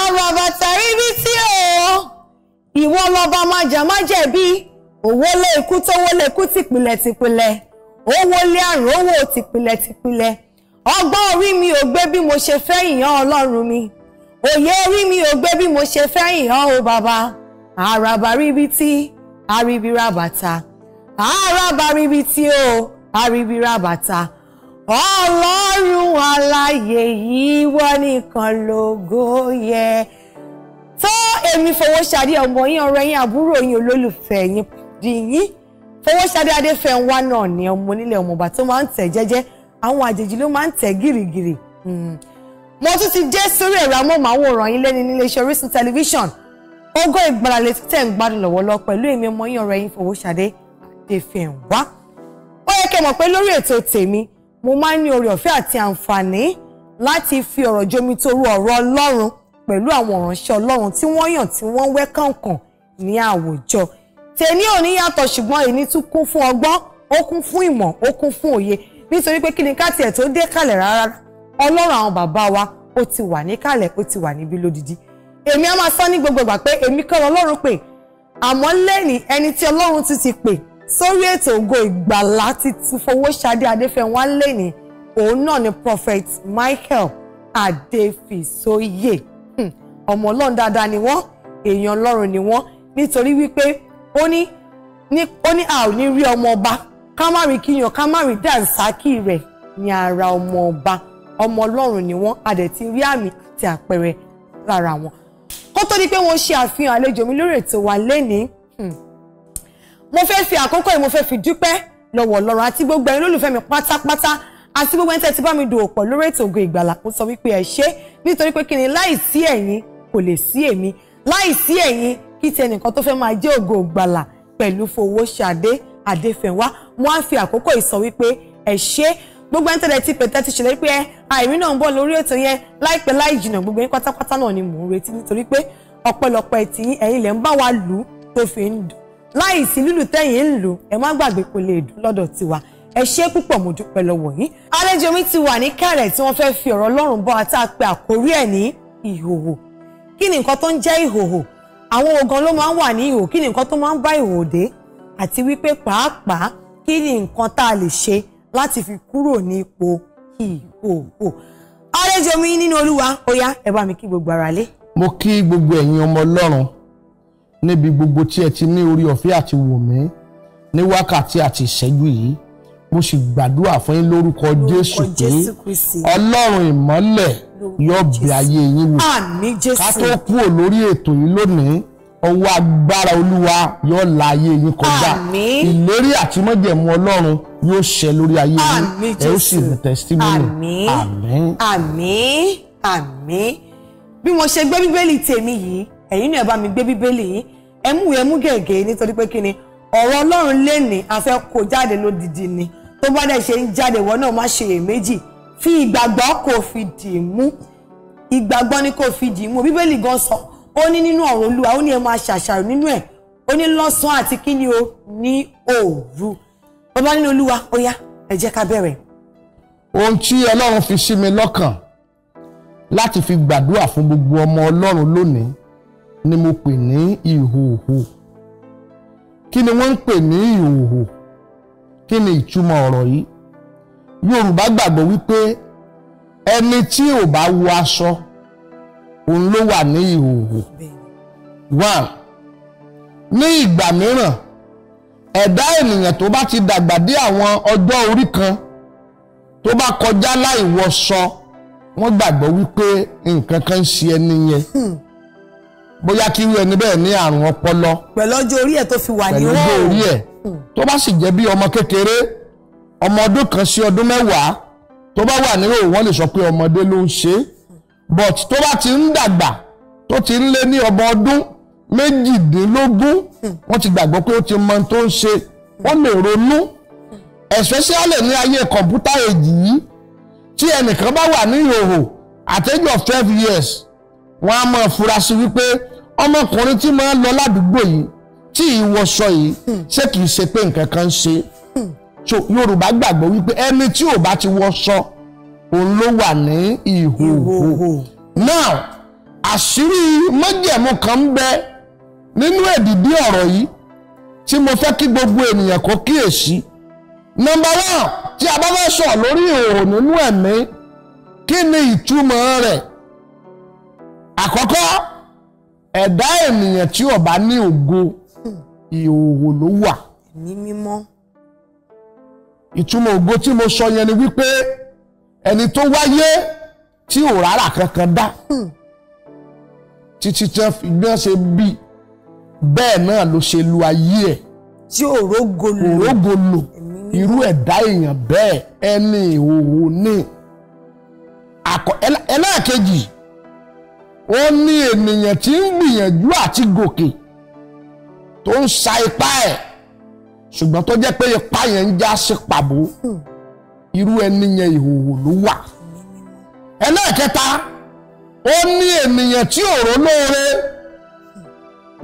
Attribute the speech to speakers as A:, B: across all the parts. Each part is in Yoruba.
A: àrò bàtà rírí tí o ìwọ lọba májà má jẹ̀bi òwò lé ikú tó wó lé ikú tìpìlẹ̀ tìpìlẹ̀ owó lé àrùn owó tìpìlẹ̀ tìpìlẹ̀ ọgbọ́n orí mi ò gbé bí mo ṣe fẹ́ ìyàn ọlọ́run mi òye orí mi ò gbé bí mo ṣe fẹ́ ìyàn o bàbá àràbà ríbi tí àríbi bàtà àràbà ríbi tí o àríbi bàtà ọlọ́run aláyè yìí wọ́n nìkan lógo yẹ tó èmi Fowóṣadé ọmọ yín ọ̀rẹ́ yín àbúrò yín olólùfẹ́ yín di yín Fowóṣadé Adéfẹ́nwá náà ni ọmọ onílẹ̀ ọmọọba tó máa ń tẹ̀ jẹ́jẹ́ àwọn àjèjì ló máa ń tẹ̀ gìrìgìrì hmm. mo tún ti dé sórí ẹ̀rọ amóhùnmáwòrán yín lẹ́ni nílé iṣẹ́ Orísun tẹlifíṣàn ògo ìgbàlà létí tẹ̀ ń gbádùn lọ́wọ́lọ́ pẹ̀lú èmi ọmọ yín ọ̀rẹ́ yín Fowóṣadé Adéfẹ́nwá ó yẹ kẹ́ mọ̀ pé lórí ètò tèmi mo máa ń ní oore ọ̀fẹ́ àti àǹfààní láti fi ọ̀rọ̀ jomi toru ọ̀rọ̀ ọlọ́run pẹ̀lú àwọn ìránṣẹ́ ọlọ́run tí wọ́n yàn tí wọ́n wẹ́ kànkàn ní àwùjọ tèmi ò ní yàtọ̀ ṣùgbọ́n èmi tún kún fún ọgbọ́n ó kún fún ìmọ̀ ó kún fún òye nítorí pé kí ni ká tiẹ̀ tó dé kalẹ̀ rárá ọlọ́run àwọn bàbá wa ó ti wà níkàlẹ̀ ó ti wà níbí lódìdí èmi á máa sọ ní gbogbo ìgbà pé èmi kọ́ ọlọ́run pè àmọ́ lẹ́yìn ẹni tí ọlọ́run ti ti pè sórí ètò ògo ìgbàlá títí Fowóṣadé Adéfẹ́nwá lẹ́ni òun náà ni prophet Michael Adéfìsóyè hmm, ọmọ ọlọ́run dáadáa ni wọ́n èèyàn ọlọ́run ni wọ́n nítorí wípé ó ní ó ní a ò ní rí ọmọ ọba ká má rí kíyàn ká má rí dànsákì rẹ̀ ní ara ọmọ ọba ọmọ ọlọ́run ni wọ́n a dẹ̀ ti rí àmì àti àpẹẹrẹ lára wọn kó tó di pé wọ́n ṣe àfihàn àlejò mi lórí ètò wa lẹ́ni. Hmm mo fẹ́ fi àkókò yìí mo fẹ́ fi dúpẹ́ lọ́wọ́ Ọlọ́run àti gbogbo ẹ̀yin olólùfẹ́ mi pátápátá àti gbogbo ẹ̀yin tẹ́ ti bá mi dòwò pọ̀ lórí ètò Ògo Ìgbàlà mo sọ wípé ẹ ṣé nítorí pé kí ni láìsí ẹ̀yin kò lè sí èmi láìsí ẹ̀yin kí ti ẹnìkan tó fẹ́ máa jẹ́ Ògo Ìgbàlà pẹ̀lú Fowóṣadé Adéfẹ̀wá mo á fi àkókò yìí sọ wípé ẹ ṣé gbogbo ẹni tẹ́lẹ̀ ti pẹ̀tẹ́ ti ṣẹlẹ̀ pé àìrí náà ń bọ̀ lórí ètò yẹn láìpẹ́ láì jìnà gbogbo yín pátápátá náà ni mò ń retí nítorí pé ọ̀pọ̀lọpọ̀ ẹ̀tì ẹ̀yin lẹ̀ ń bá wa lù ú tó fi ń dùn láìsí lílù tẹ́yìn ń lù ẹ má gbàgbé kò lè dùn lọ́dọ̀ tiwa ẹ ṣé púpọ̀ mo dúpẹ́ lọ́wọ́ yín. àlejò mi ti wà ní kẹ̀rẹ̀ tí wọ́n fẹ́ẹ́ fi ọ̀rọ̀ Ọlọ́run bọ́ àti àpè àkórí ẹ̀ ní ìhòhò kí ni nǹkan tó ń jẹ́ ìhòhò àwọn ogan ló máa ń wà ní ìhòhò kí ni nǹkan tó máa ń bá ìhòhò dé àti wípé pàápàá kí ni nǹkan tá a lè ṣe láti fi kúrò ní ipò ìhòhò. àlejò mi nínú Olúwa ó yá ẹ bá mi kí gbogbo ara lé.
B: mo kí gbogbo ẹ̀yin ọmọ Ọlọ́run níbi gbogbo tí ẹ ti ní orí ọ̀fẹ́ àti wò mí ní wákàtí àti ìṣẹ́jú yìí mo sì gbàdúrà fún yín lórúkọ Jésù pé Ọlọ́run ìmọ́lẹ̀ yóò bẹ ayé yín wò ká tó kúrò lórí ètò yìí lónìí ọwọ́ agbára Olúwa yóò la ayé yín kọjá ìlérí àti májẹ̀mú Ọlọ́run yóò ṣẹ lórí ayé yín ẹ ó sì ní tẹsítímọ́nì àmín
A: àmín àmín bí mo ṣe gbé bíbélì tèmi yìí ẹ̀yin náà bá mi gbé bíbélì yín ẹ mú ẹ mú gègé nítorí pé kíni ọ̀rọ̀ ọlọ́run lè ní a kó jáde lódìdí ni tó bá dẹ̀ ṣe ń jáde wọ́n náà má ṣe èméjì fi ìgbàgbọ́ kò fi dì mú ìgbàgbọ́ ni kò fi dì mú bíbélì gan sọ ó ní nínú ọ̀rọ̀ olúwa ó ní ẹ máa ṣàṣàrò nínú ẹ̀ ó ní lọ́sàn-án àti kí ni o ní òru bàbá nínú olúwa ó yá ẹ jẹ́ ká bẹ̀rẹ̀.
B: ohun tí ọlọ́run fi sí mi lọ́kàn láti fi gbàdúrà fún gbogbo ọmọ ọlọ́run lónìí ni mo pè ní ìhòòhò kí ni wọ́n ń pè ní ìhòòhò kí ni ìtumọ̀ ọ̀rọ̀ yìí Yorùbá gbàgbọ́ wípé ẹni tí ò bá wọ aṣọ òun ló wà ní ìhòòhò one ní ìgbà mìíràn ẹ̀dá ènìyàn tó bá ti dàgbà dé àwọn ọjọ́ orí kan tó bá kọjá láì wọṣọ wọ́n gbàgbọ́ wípé nǹkan kan ń ṣe ẹni yẹn. Hmm bóyá kí irú ẹni bẹ́ẹ̀ ní àrùn ọpọlọ. pẹ̀lú ọjọ́ orí ẹ̀ tó fi wà ní rẹ̀. pẹ̀lú orí ẹ̀ tó bá sì jẹ́ bí ọmọ kékeré ọmọ ọdún kan sí ọdún mẹ́wàá tó bá wà nírò wọ́n lè sọ pé ọmọdé ló ń ṣe é but tó bá ti ń dàgbà tó ti ń lé ní ọmọ ọdún méjìdínlógún wọ́n ti gbàgbọ́ pé ó ti mọ tó ń ṣe wọ́n lè ronú especially ní ayé kọ̀ǹpútà èjì yìí tí ẹnìkan bá wà ní ìhòòhò at age of twelve years wọ́n á máa fura sí wípé ọmọkùnrin tí máa ń lọ ládùúgbò yìí tí ìwọṣọ yìí hmm. ṣé kìí ṣe pé nǹkan kan ṣe hmm. so Yorùbá gbàgbọ́ wípé ẹni tí ò bá ti wọṣọ òun ló wà ní ìhòòhò now àṣírí májẹ̀mú kan ń bẹ nínú èdìdí ọ̀rọ̀ yìí tí mo fẹ́ kí gbogbo ènìyàn kó kíyèsí nọ́mbà one tí a bá fẹ́ sọ lórí ìhòòhò nínú ẹ̀mí kí ni ìtumọ̀ rẹ̀ àkọ́kọ́ ẹ̀dá ènìyàn tí ó bá ní ògo ìhòòhò ló wà. ní mímọ́. ìtumọ̀ ògo tí mo sọ yẹn ni wípé ẹni tó wáyé tí ò rárá kankan dá hmm. títí tí wọ́n ṣe bí bẹ́ẹ̀ náà ló ṣe lu ayé ẹ̀. tí òrógo lò òrógo lò irú ẹ̀dá èèyàn bẹ́ẹ̀ ẹni ìhòòhò ní. ẹlẹ́ẹ̀kejì ó ní ènìyàn tí ń gbìyànjú àti gòkè tó ń sa ipá ẹ̀ ṣùgbọ́n tó jẹ́ pé ipá yẹn ń já sí pàbó hmm. irú ẹni yẹn ìhòòhò ló wà. ẹlẹ́ẹ̀kẹta ó ní ènìyàn tí òró lóore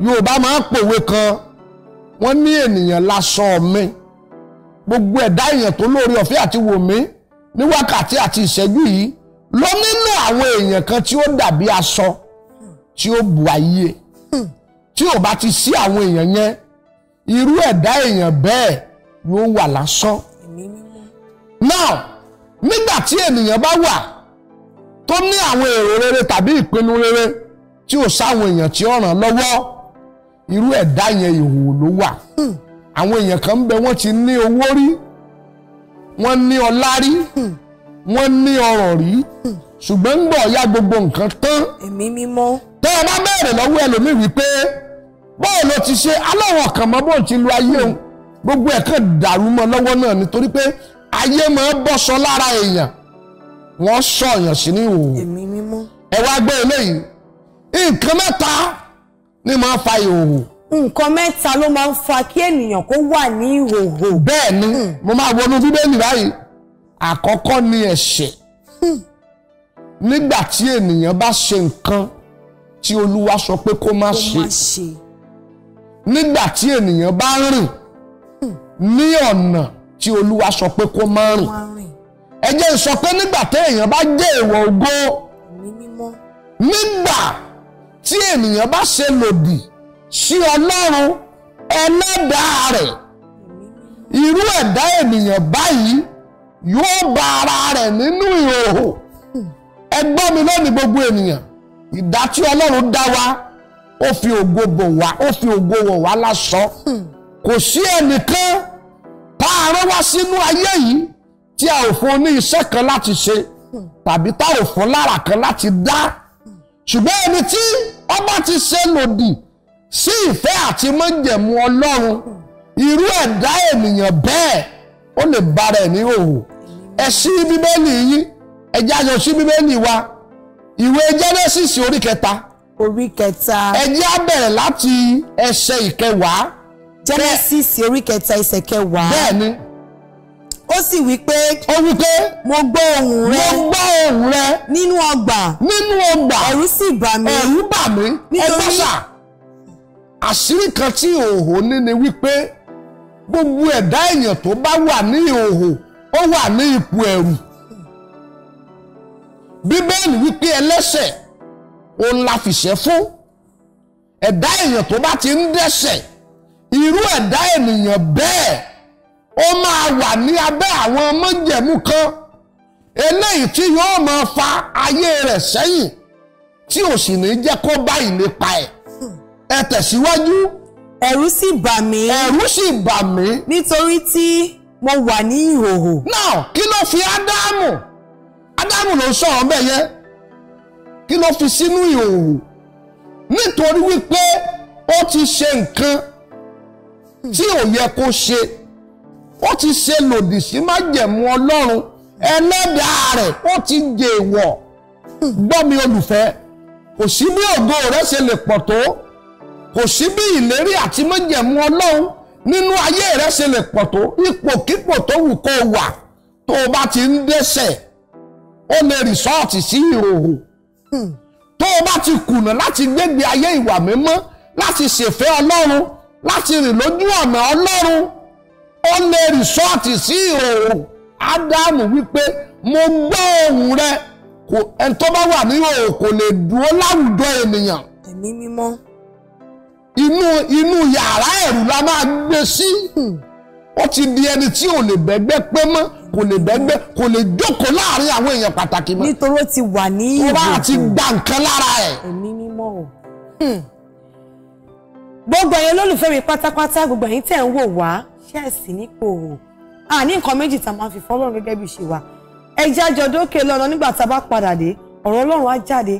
B: Yorùbá máa ń pòwe kan wọ́n ní ènìyàn lásán mi gbogbo ẹ̀dá èèyàn tó lóore ọ̀fẹ́ àti wòmí ní wákàtí àti ìṣẹ́jú yìí lọ nínú àwọn èèyàn kan tí ó dàbí aṣọ tí ó bu ayé hmm. tí ò bá ti sí àwọn èèyàn yẹn irú ẹ̀dá èèyàn bẹ́ẹ̀ yóò wà lásán. now nígbà tí ènìyàn bá wà tó ní àwọn èrò rere tàbí ìpinnu rere tí ò sáwọn èèyàn tí ó ràn lọ́wọ́ irú ẹ̀dá yẹn ìhòòhò ló wà. Hmm. àwọn èèyàn kan ń bẹ wọ́n ti ní owó rí wọ́n ní ọlá rí. Hmm wọ́n ní ọrọ̀ rí hmm. ṣùgbọ́n ń gbọ́ ya gbogbo nǹkan tán. ẹ̀mí mímọ́. tẹ́ ọ bá bẹ̀rẹ̀ lọ́wọ́ ẹlòmíì wípé báwo ló ti ṣe aláwọ̀ kan mọ́ bó ti lu ayé òun gbogbo ẹ̀ kàn dàrú mọ́ lọ́wọ́ náà nítorí pé ayé máa bọ́sọ lára èèyàn wọ́n sọ èèyàn sí ní ìhòòhò. ẹ̀mí mímọ́. ẹ wá gbé eléyìí nǹkan mẹ́ta ni máa fa ìhòòhò. nǹkan mẹ́ta ló máa ń fa kí ènìyàn kó wà ní ìhòòhò. bẹ́ẹ̀ ni hmm. mo máa wọnú bíbélì báyìí àkọ́kọ́ ni ẹ̀ṣẹ̀ hmm. nígbà tí ènìyàn bá ṣe nǹkan tí olúwa sọ pé kó má ṣe nígbà tí ènìyàn bá rìn hmm. ní ọ̀nà tí olúwa sọ pé kó má rìn ẹ jẹ́ n sọ pé nígbà tí èèyàn bá jẹ́ èèwọ̀ ògo nígbà tí ènìyàn bá ṣe lòdì sí ọlọ́run ẹlẹ́dàá rẹ̀ irú ẹ̀dá ènìyàn báyìí yóò bá ara rẹ̀ nínú ìhòòhò ẹgbọ́ mi lónìí gbogbo ènìyàn ìdá tí ọlọ́run dá wa ó fi ògo bò wá ó fi ògo wọ̀ wá lásọ kò sí ẹnìkan tá a rán wá sínú ayé yìí tí a ò fún ní iṣẹ́ kan láti ṣe tàbí tá ò fún lára kan láti dá ṣùgbọ́n ẹni tí ọba ti ṣe lòdì sí ìfẹ́ àti májẹ̀mú ọlọ́run irú ẹ̀dá ènìyàn bẹ́ẹ̀ ó lè bára ẹ̀ ní òhò ẹ ṣí bíbélì yín ẹ jẹ́ àjọ ṣí bíbélì wa ìwé Genesis orí kẹta
A: orí kẹta ẹ jẹ́ á bẹ̀rẹ̀ láti ẹsẹ̀ ìkẹwàá
B: Genesis
A: orí kẹta ẹsẹ̀ kẹwàá bẹ́ẹ̀ ni ó sì wí pé. ó wí pé. mo gbọ́ ohùn rẹ. mo gbọ́ ohùn rẹ. nínú ọgbà. nínú ọgbà. ẹ̀rù sì bà mí. ẹ̀rù
B: bà mí. nítorí ẹgbẹ́ sà àṣírí kan tí òhò ní ni wípé gbogbo ẹ̀dá èèyàn tó bá wà ní ìhòòhò ó wà ní ipò ẹ̀rù bíbélì wípé ẹlẹ́ṣẹ̀ òun la fìṣẹ́ fún ẹ̀dá èèyàn tó bá ti ń dẹ́ṣẹ̀ irú ẹ̀dá ènìyàn bẹ́ẹ̀ ó máa wà ní abẹ́ àwọn májẹ̀mú kan eléyìí tí yóò máa fa ayé rẹ̀ sẹ́yìn tí ò sì ní jẹ́ kó
A: bá ìlépa ẹ̀ ẹ tẹ̀síwájú. Si ẹ̀rù sì bà mí. ẹ̀rù sì bà mí. nítorí tí mo wà ní ìhòòhò. náà kí ló fi ádámù
B: ádámù ló sọ̀rọ̀ bẹ́ẹ̀ yẹn kí ló fi sínú ìhòòhò nítorí wípé ó ti ṣe nǹkan tí ò yẹ kó ṣe ó ti ṣe lòdì sí májẹ̀mú ọlọ́run ẹlẹ́dàá rẹ̀ ó ti jèèwọ̀ gbọ́ mi olùfẹ́ kò sí bí ògo rẹ̀ ṣe lè pọ̀ tó kò sí bí ìlérí àti májẹ̀mú ọlọ́run nínú ayé rẹ ṣe lè pọ̀ tó ipòkípò tó wù kó wà tó o bá ti ń dẹ́ṣẹ̀ ó lè rìsọ́ọ̀tì sí ìhòòhò hmm. tó o bá ti kùnà láti gbégbé ayé ìwà mímọ́ láti ṣèfẹ́ ọlọ́run láti rìn lójú ọ̀nà ọlọ́run ó lè rìsọ́ọ̀tì sí ìhòòhò ádámù wípé mo gbọ́ ohùn rẹ ẹni tó bá wà ní ìhòòhò kò lè dúró láwùjọ ènìyàn. ẹ̀mí mímọ́ inú inú yàrá ẹ̀rù la máa gbé sí hmm. ó ti di ẹni tí ò lè bẹ́gbẹ́ pé mọ́ kò lè bẹ́gbẹ́ kò lè jókòó
A: láàrin àwọn èèyàn pàtàkì mọ́. nítorí ó ti wà ní ìwé. ọba àti gba nǹkan lára ẹ̀. ẹ̀mí mímọ́ o. Hmm. gbogbo ẹ̀yin olólùfẹ́ mi pátápátá gbogbo ẹ̀yin tẹ̀ ń wò wá ṣe é sì nípò o. a ní nǹkan méjì tá a máa fi fọ́lọ́run gẹ́gẹ́ bí ṣe wà. ẹ jájọ dókè lọ́nà nígbà tá a bá padà dé ọ̀rọ̀ ọlọ́run á jáde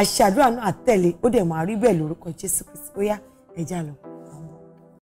A: àṣẹ àdúrà náà tẹ̀lé ó dẹ̀ máa rí bẹ́ẹ̀ lórúkọ Jésù Kristi Ella lo